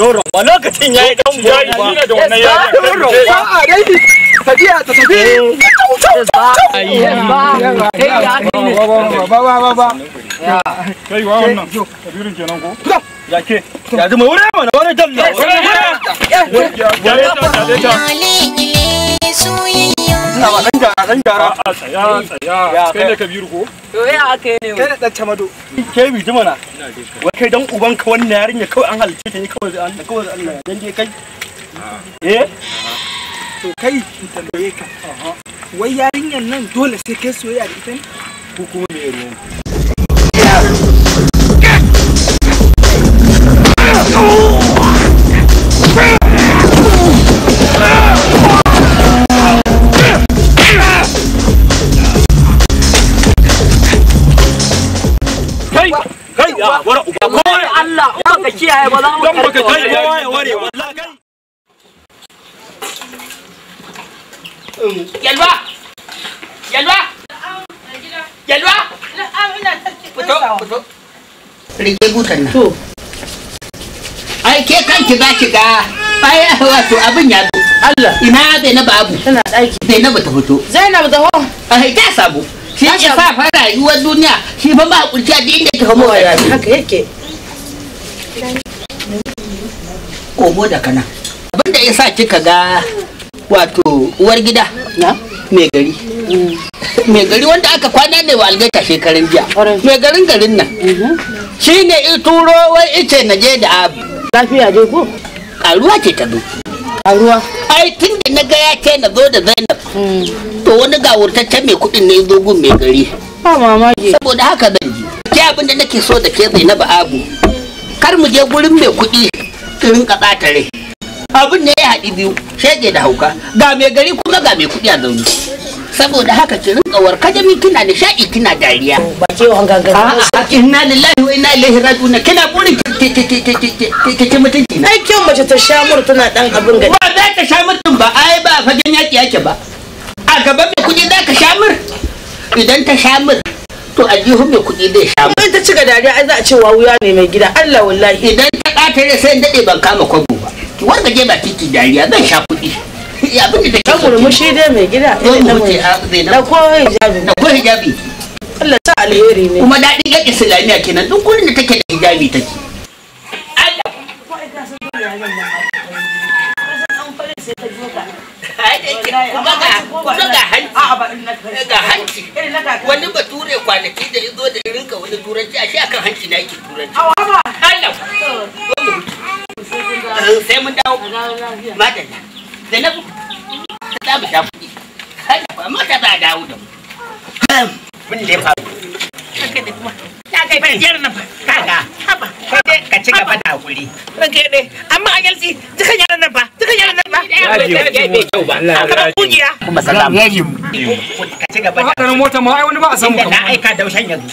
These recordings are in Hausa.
Wa ba lokacin ya yi dan ya yi da wannan ya ba a dai tafiya ta tafi. Kai ya ba ba ba ba. Kai wa wannan. Kabirin kenan ko? yake ya zama wuri mana wani dalla wuri ya ta da ta ina dan gara dan gara a tsaya tsaya kai ne kabiru ko to ya aka ne kai da ke bi ji mana wai kai dan uban ka wannan yarinya kawai an halice ta ne kawai an kawai Allah dan kai eh to kai tambaye ka wai yarinyan nan dole sai kai soyayya da ita ne ko kuma me kore Allah baka kiyaye ba za mu karka kai kowa ware yalwa yalwa yalwa rike gutan nan ai ke kanki za ki ga ai wato abin ya zo Allah ina bai na babu tana daki bai na bata fito Zainab da ho ai ta sabo shi ya sa fara rayuwar duniya shi ba ba kurciya da inda ta kamo haka yake komo da kana abinda ya sa kika ga wato uwar gida mai gari mm. mai gari wanda aka kwana ne wa algaita shekarun jiya mai garin garin nan mm-hmm. shi ne turo wai ice na je da abu lafiya je ko karuwa ce ta zo karuwa ai tun da na ga ya ce na zo da zainab mm. to wani ga gawurtaccen mai kuɗin ne zo gun mai gari ba mamaki saboda haka zan ji ke abin da nake so da ke zainab abu kar mu je gurin mai kuɗi turin ka tare, abin ne ya haɗi biyu shege da hauka ga mai gari kuma ga mai kuɗi a zaune saboda haka ki rinka ka da min kina sha'i kina dariya ba ce wa na inna lillahi wa inna ilaihi raji'un kina burin ki ki mutunci ai kyan mace ta sha mur tana dan abin gari ba za ta sha mutun ba ai ba fagen yaki yake ba a gaban mai kuɗi za ka sha mur idan ta sha mur to aljihun mai kuɗi zai sha mu. in ta ga dariya ai za a ce wa wuya ne mai gida Allah wallahi. idan ta ƙatare sai in daɗe ban kama kwabo ba ki wanda je ba titi dariya zan sha kuɗi. abin da take so. kan murmushi dai mai gida. zai na mutu da ko hijabi. da ko hijabi. Allah sa alheri ne. kuma daɗi yan islamiyya kenan duk gurin da take da hijabi take. Allah. Ai da ke kuma ga hanci. ashe akan hanci na yake turanci sai mun dawo madalla Zainabu ta za mu sha kuɗi Allah amma ta za dawo da mu mun da ya faru ta kai jiyar nan kaga haba kai ka ci gaba da hakuri ranke dai amma a yalci dukan yaran nan ba dukan yaran nan ba kuma salam ka ci gaba da hakuri motar ma ai wani ba a samu kamar na aika daushen yanzu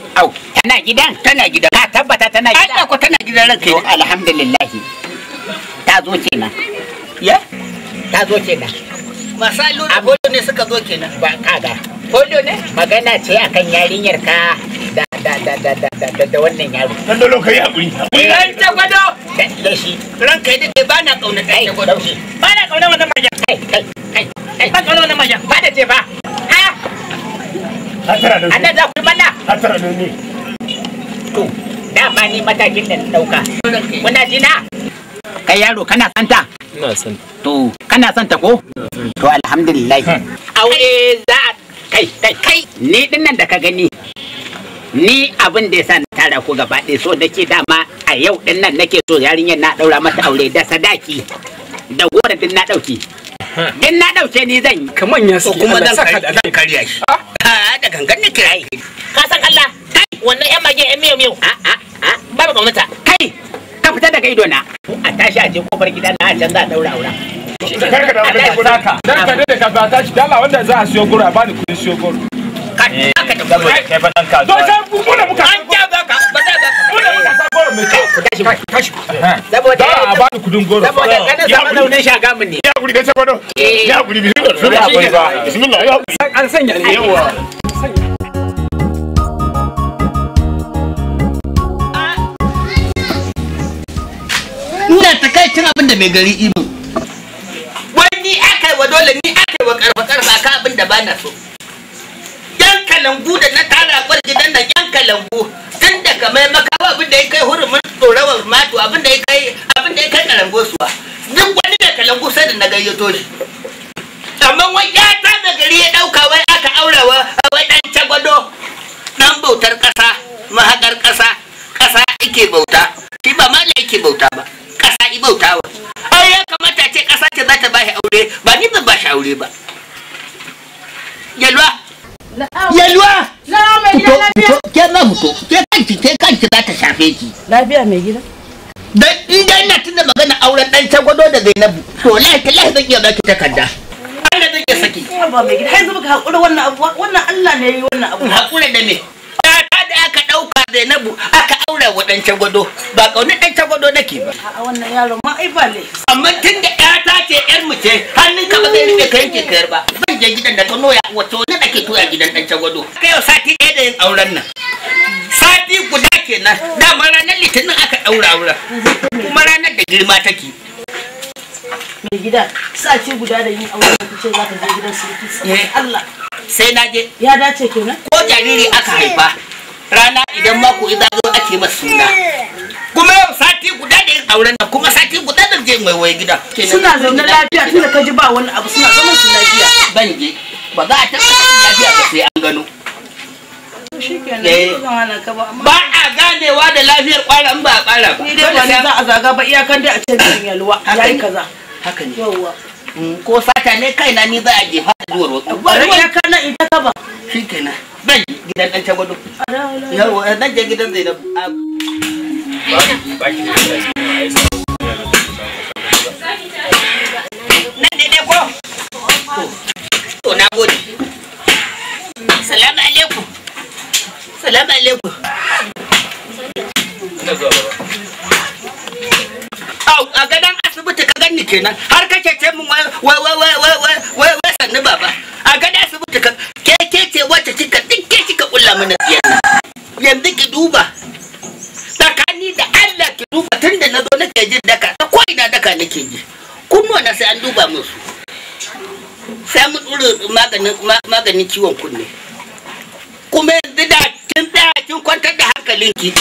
Au, tana gidan? Tana gidan. Ka tabbata tana gidan. Allah ko tana gidan ranka. To alhamdulillah. Ta zo kenan. Ya? Ta zo kenan. Masu allura polio ne suka zo kenan. Ba kaga. Polio ne? Magana ce akan yarinyar ka da da da da da da da da wannan yaro. Dan dole kai hakuri. Ran eh. ta gwado. Da shi. Ranka yadda ba na kauna ta gwado. Ba na kauna wannan majan. Kai kai kai. Ba kauna wannan majan. Ba da ce ba. Ha? Ana da. kuma za hatar ne to dama ni matakin da na dauka kuna jina kai yaro kana son ta? ina son to kana son ta ko to alhamdulillah hmm. aure za a kai kai kai ni dinnan da ka gani ni abin da ya sa na tara ku gaba ɗaya so nake dama a yau din nan nake so yarinyar na daura mata aure da sadaki da gora din na dauki din na dauke ni zan yi kaman ya kuma zan karya shi ah. a ah, da gangan ne ke ai ka san Allah kai wannan yan mage yan miyau miyau? a ah, a ah, ba ba mata kai ka fita daga ido na a tashi a je kofar gida na a can za a daura aura karka da wani gura ka dan ka dade ka ba tashi dala wanda za a siyo gura ba ni kudin siyo gura ka ka da eh, kai fa dan ka zo don sai mu muka an ja za goro mai ne kai saboda ne eh. abin da mai gari imu wani aka yi wa dole ni aka yi wa karfa karfa ka abin da na so yan kalangu da na tara kwar gidan da yan kalangu tun kamar maka ba abin da ya kai hurumin tsorawar matu abin da ya kai abin da ya kai kalango suwa duk wani da kalango sai da na gayyato shi amma wai ya ta da gari ya dauka wai aka aura wa wai dan tagwado dan bautar kasa mahakar kasa kasa ike bauta shi ba mala yake bauta ba kasa i bautawa ai ya kamata ce kasa ce za ta ba shi aure ba ni ban ba shi aure ba yalwa yalwa fito fito ke na mutu ke ki za ta shafe ki lafiya mai gida dan in dai ina tunda magana auren dan tagwado da Zainabu to lafiya lafiya zan iya ki takarda Allah zan iya saki ba mai gida har zuba ka hakura wannan abu wannan Allah ne yayi wannan abu hakura da me da aka dauka Zainabu aka aure wa dan tagwado ba kaunar dan tagwado nake ba a wannan yaro ma ai ba le amma tunda ta ce yar mu ce hannun ka ba zai rike ka yanke kayar ba zan je gidan da ta noya wato na nake toya gidan dan tagwado kai yau sati ɗaya da yin auren nan kenan dama ranar litinin aka daura wurin kuma ranar da girma take mai gida sa ce guda da yin aure ku ce za ka je gidan sarki saboda eh, Allah sai na je ya dace kenan ko jariri aka haifa rana idan mako idan zo ake masa suna kuma yau sati guda da yin auren nan kuma sati guda da je mai waye gida suna zaune lafiya tunda ka ji ba wani abu suna zaman su lafiya ban je ba za a taɓa lafiya ba sai an gano Eh, ba a ganewa da lafiyar kwara ba a kwara ba ni dai ba za a zaga ba iyakan dai a ce yalwa kaza haka ne yawwa mm, ko sata ne na ni za a jefa da duwar wasu ba ruwa ya kana in ta kaba shi kenan zan gidan dan tagwado yawwa eh, zan je gidan zainab ba ki da salamu alaikum a gadon asibiti ka ganni kenan har kake ce min wai wai wai wai wai wai wai wai sannu baba a gadon asibiti ka ke ke ce wacce kika duk ke kika kulla mana tsiyan yanzu ki duba tsakani da Allah ki duba tunda na zo nake jin daka ta ko ina daka nake ji kunnuwa na sai an duba musu sai mu dure maganin ciwon kunne kuma kin kwantar da hankalinki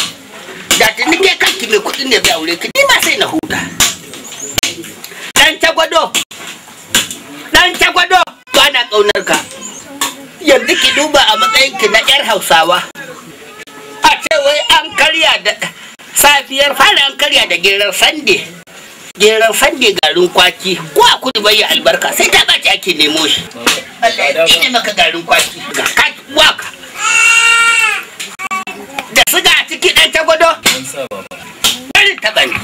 da tuni ke kanki mai kudin ne bai aure ki ni ma sai na huta dan gwado dan gwado ba na kaunar ka yanzu ki duba a matsayin ki na yar hausawa a ce wai an karya da safiyar fara an karya da gerar sande gerar sande garin kwaki ko a kudu bai albarka sai ta baci ake nemo shi Allah ya maka garin kwaki ga ka waka da suga a ciki ɗan ta gwado? Bari ta bani.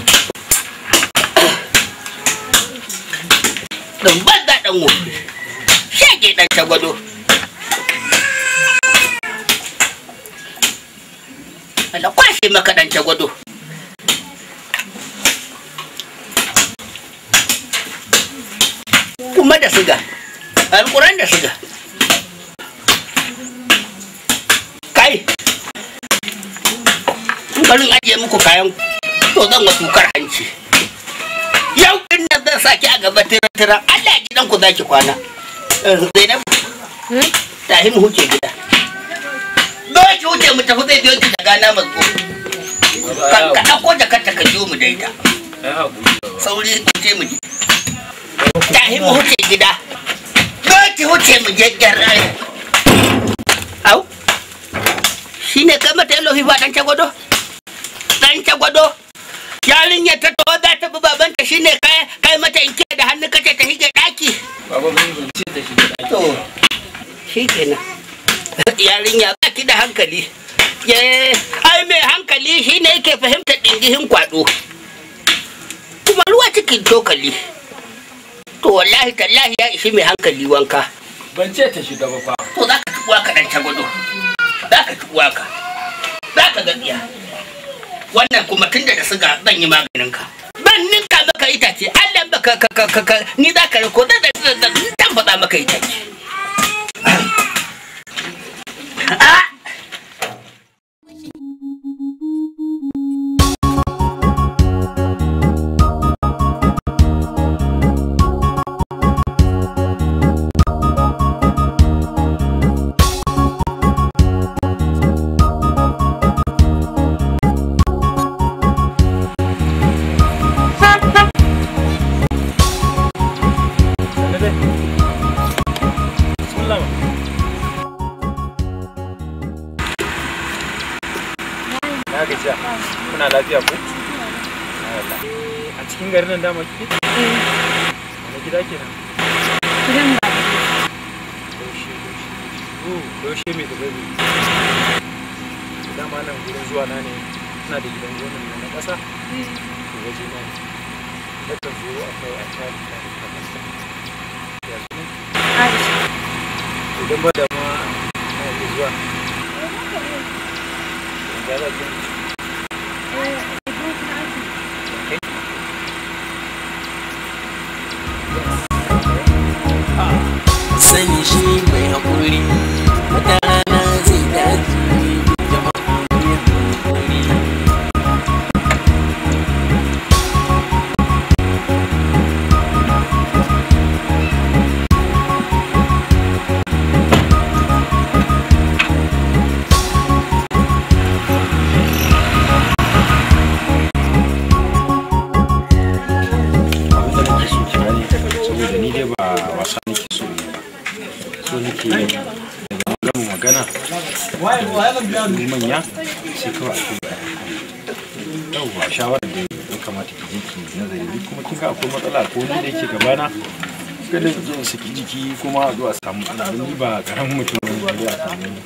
Ɗan ban da ɗan wofi. Shage ɗan ta gwado. Allah kwashe maka ɗan ta gwado. Kuma da suga. Alƙuran da suga. Kai. barin ajiye muku kayan to zan wasu tukar hanci yau din nan zan saki a gaba tira-tira Allah gidan ku zaki kwana eh, Zainab hmm? tahi mu huce gida don ki huce mu tafi zai biyo ki daga na mazgo ka ɗauko jakarta ka biyo mu da sauri ku ce mu je tahi mu huce gida don ki huce mu je gyara au shine kai mata yalofi ba dan ta gwado dan gwado yarinya ta tawo za ta bi babanta shi ne kai mata inke da hannu kace ta hige ɗaki. baba bai zance yarinya ba ki da hankali ye ai mai hankali shine yake fahimtar dingihin kwado kuma ruwa cikin cokali to wallahi tallahi ya ishi mai hankali wanka ban ce ta shiga ba fa to za ka ci ka ɗan ta gwado za ka ci ka za ka ga wannan kuma tun da suga zan yi maganin ka ban ninka maka itace allah baka ni za ka rako zan faɗa maka itace Allah eh, a cikin garin nan dama kike eh. wani gida kenan gidan ba doshe doshe doshe mai da babu dama nan zuwa na ne ina da gidan gonan nan na ƙasa to hmm. waje na ne yakan zo a da ƙasa ya zo Aisha idan ba da ma na iya zuwa Thank eh, you. she manya sai kawai a kuma yawwa shawarar da ya kamata ki je ki nazari kuma kin ga akwai matsala ko ni da yake gabana kada ki je saki jiki kuma zuwa zo samu ana ba karamin mutum ne a samu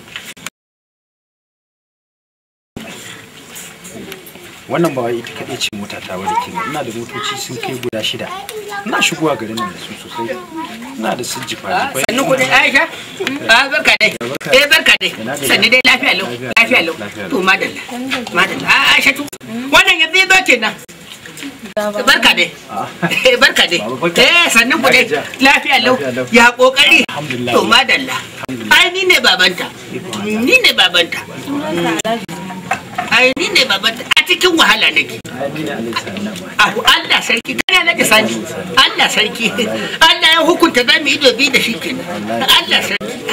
wannan ba ita kaɗai ce mota ta bari kenan ina da motoci sun kai guda shida ina shigowa garin nan da su sosai ina da sun jifa jifa sannu ku dai aisha a barka ah, dai eh barka dai sannu dai lafiya lau lafiya lau to madalla madalla a ah, aisha tu wannan yanzu ya zo nan barka dai ah. eh barka dai eh sannu ku dai lafiya lau ya kokari to madalla ai ni ne babanta ni ne babanta ai ni ne baba, a cikin wahala nake abu Allah sarki kana nake sani Allah sarki Allah ya hukunta za mu yi dobi da shi kenan Allah sarki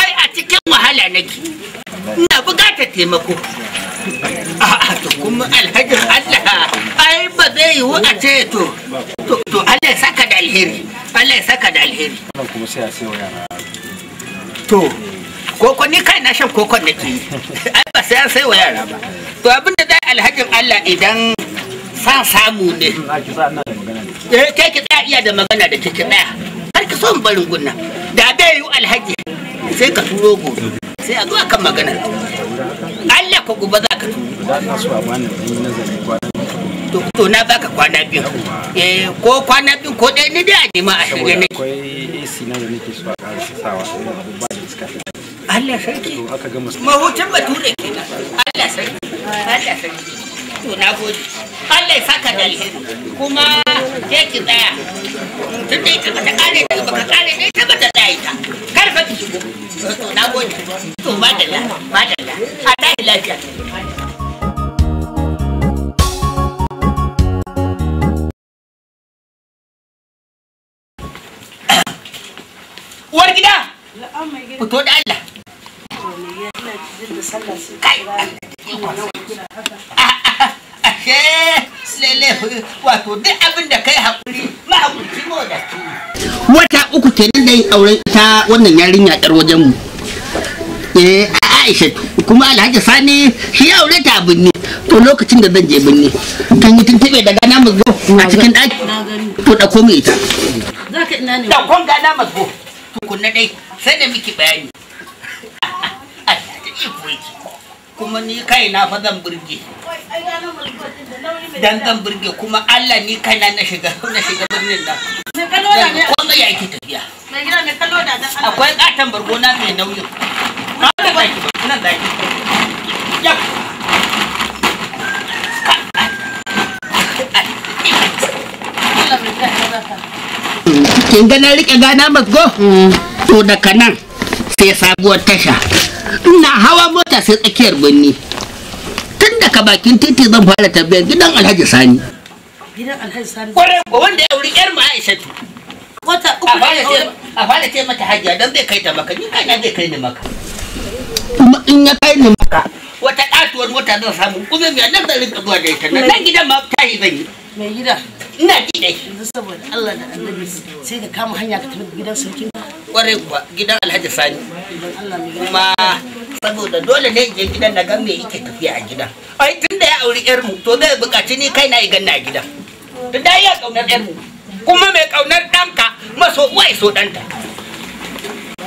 ai a cikin wahala nake ina bukatar taimako a'a to kuma alhaji Allah ai ba zai yiwu a ce to to Allah ya saka da alheri Allah ya saka da alheri to koko ni kai na shan kokon nake yi ai ba sai an sai wa yara ba to abin da dai alhajin Allah idan san samu ne eh kai ki tsaya iya da magana da kike tsaya har ki so mu barin gunna da bai yi alhaji sai ka turo gobe sai a zo kan magana Allah ka gobe za ka to na baka kwana biyu eh ko kwana biyu ko dai ni dai a nema a shirye AC na da nake so a sawa ba da Allah sarki mahutan bature kenan Allah sarki Allah sarki to na gode Allah ya saka da alheri kuma ke ki tsaya tun da ita ta kare ta baka kare ta ita bata tsaya ita kar fa ki shigo to na gode to madalla madalla a dai lafiya Uwar gida! Fito da Allah! wata uku kenan da yin auren ta wannan yarinya yar wajenmu. mu eh, Aisha kuma Alhaji Sani shi ya aure ta binne to lokacin da zan je binne kan yi tuntube da gana mu zo a cikin ɗaki to da komai ita da kon gana mu zo tukunna dai sai da miki bayani kuma ni kai na fa zan burge dan zan burge kuma Allah ni kai na na shiga na shiga birnin nan kuma ya yake tafiya akwai katon bargo na mai nauyin ba da zaki ba nan zaki ya kin ga na rike gana go? Mm. to daga nan sai sabuwar tasha ina hawa mota sai tsakiyar birni tun daga bakin titi zan fara tabbiyar gidan alhaji sani gidan wanda ya wuri yar ma'aishatu wata uku a fara ce mata hajiya don zai kai ta maka ni kaina zai kai ni maka kuma in ya kai ni maka wata katuwar mota zan samu kuma mai nan zan rinka zuwa da ita nan gidan ma ta yi zan yi mai gida ina ji dai yanzu saboda Allah da annabi sai ka kama hanya ka tafi gidan sarkin kwarai kuwa gidan Alhaji Sani kuma saboda dole ne je gidan na gan me yake tafiya a gidan ai tunda ya auri yar mu to zai bukaci ni kai na ganna a gidan da da ya kaunar yar mu kuma mai kaunar danka maso uwa so danta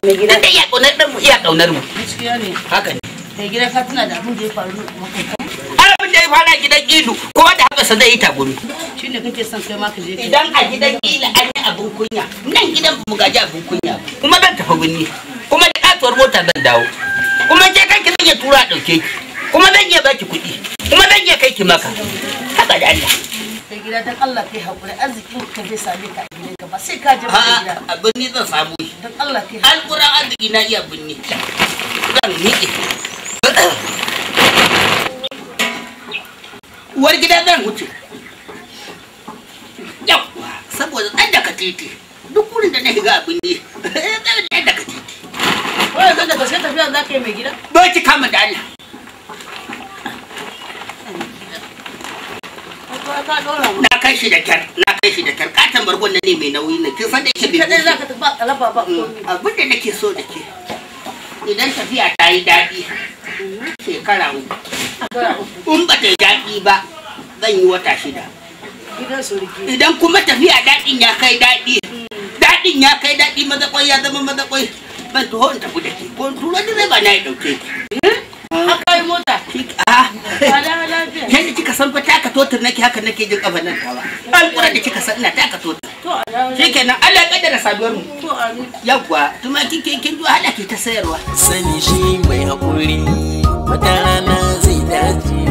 mai gida da ya kaunar dan mu iya kaunar mu gaskiya ne haka ne mai gida ka tuna da abin da ya faru maka abin da ya fara gidan ilu ko da haka sa zai yi tagumi shine kake son kai ma ka je idan a gidan ilu an yi abin kunya nan gidan mu gaji abin kunya kuma dan tafi gunni kuma da katuwar mota zan dawo kuma ke kanki zan iya tura dauke ki kuma zan iya baki kuɗi kuma zan iya kai ki maka haka da Allah kai gida dan Allah kai hakuri arzikin ka bai same ka a ka ba sai ka je ba gida a binni zan samu shi dan Allah kai alƙur'an arziki na iya binni zan miƙe uwar gida zan wuce saboda ɗan daga titi duk wurin da na abin ne eh, ɗan daga titi zan kama da Allah na kai shi da kyar na kai shi da kyar na ne mai na kin san da yake bai za ka tafi mm. nake so da ke idan tafiya ta yi daɗi shekara uku in ba ta yi daɗi ba zan yi wata shida idan kuma tafiya daɗin ya kai daɗi daɗin ya kai daɗi mazakwai ya zama mazakwai ban taho in tafi da ke ko turo ba na ya ɗauke haka eh? yi mota ah. yadda kika san fa taka totar nake haka nake jin kafa nan tawa kura da kika san ina taka totar shikenan Allah ya da saduwar mu yawwa kike kin zuwa hada ke ta sayarwa sani shi mai haƙuri wata rana zai dace